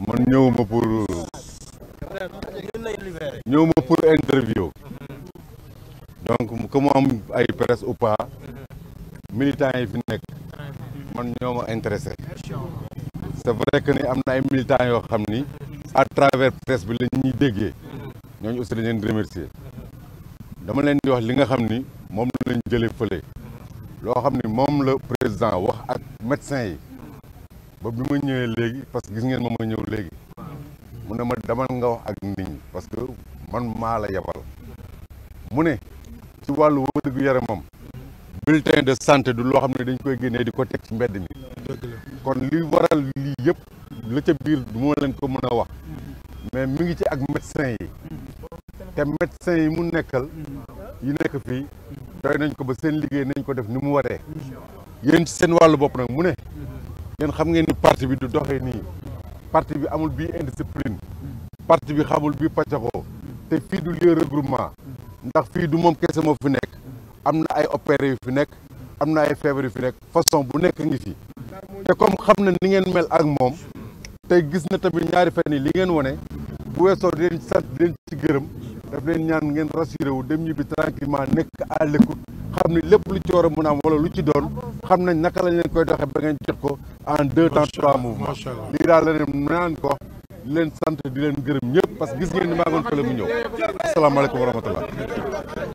man ñëwuma pour ñëwuma pour interview donc que mu am ay presse ou pas militants yi fi nekk man ñoo ma intéressé c'est vrai que ni am na ay militants yoo xam ni à travers presse bi la ñuy déggee ñooñu aussi dañ leen remercier dama leen di wax li nga xam ni moom lañ jëlee fële loo xam ni moom la président wax ak médecin yi ba bi ma ñëwee léegi parce que gis ngeen ma ma ñëw léegi mu ne ma demal nga wax ak nit ñi parce que man maa la yabal mu ne ci wàllu wërgu yaramam bulletin de santé du loo xam ne dañ koy génnee di ko teg ci mbedd mi kon li waral lii yëpp la biir du ma leen ko mën a wax mais mi ngi ci ak médecin yi te médecin yi mu nekkal yi nekk fii doy nañ ko ba seen liggéey nañ ko def ni mu waree yéen ci seen wàllu bopp nag mu ne yéen xam ngeen ni parti bi du doxee nii parti bi amul bii indiscipline parti bi xamul bii paccaxoo te fii du lieu regroupement ndax fii du moom kese moo fi nekk am na ay opéré yu fi nekk am na ay feebar yu fi nekk façon bu nekk ngi fi te comme xam na ni ngeen mel ak moom te gis na tamit ñaari fan yi li ngeen wone bu weesoo di leen sant leen ci gërëm daf leen ñaan ngeen rassuré wu dem ñibbi tranquillement nekk à l'écoute xam ni lépp lu ci war mun am wala lu ci doon xam nañ naka lañ leen koy doxee ba ngeen jot ko en deux temps trois mouvements lii daal la leen naan ko di leen sant di leen gërëm ñëpp parce que gis ngeen ni maa ngoon fële mu ñëw asalaamaaleykum wa rahmatullah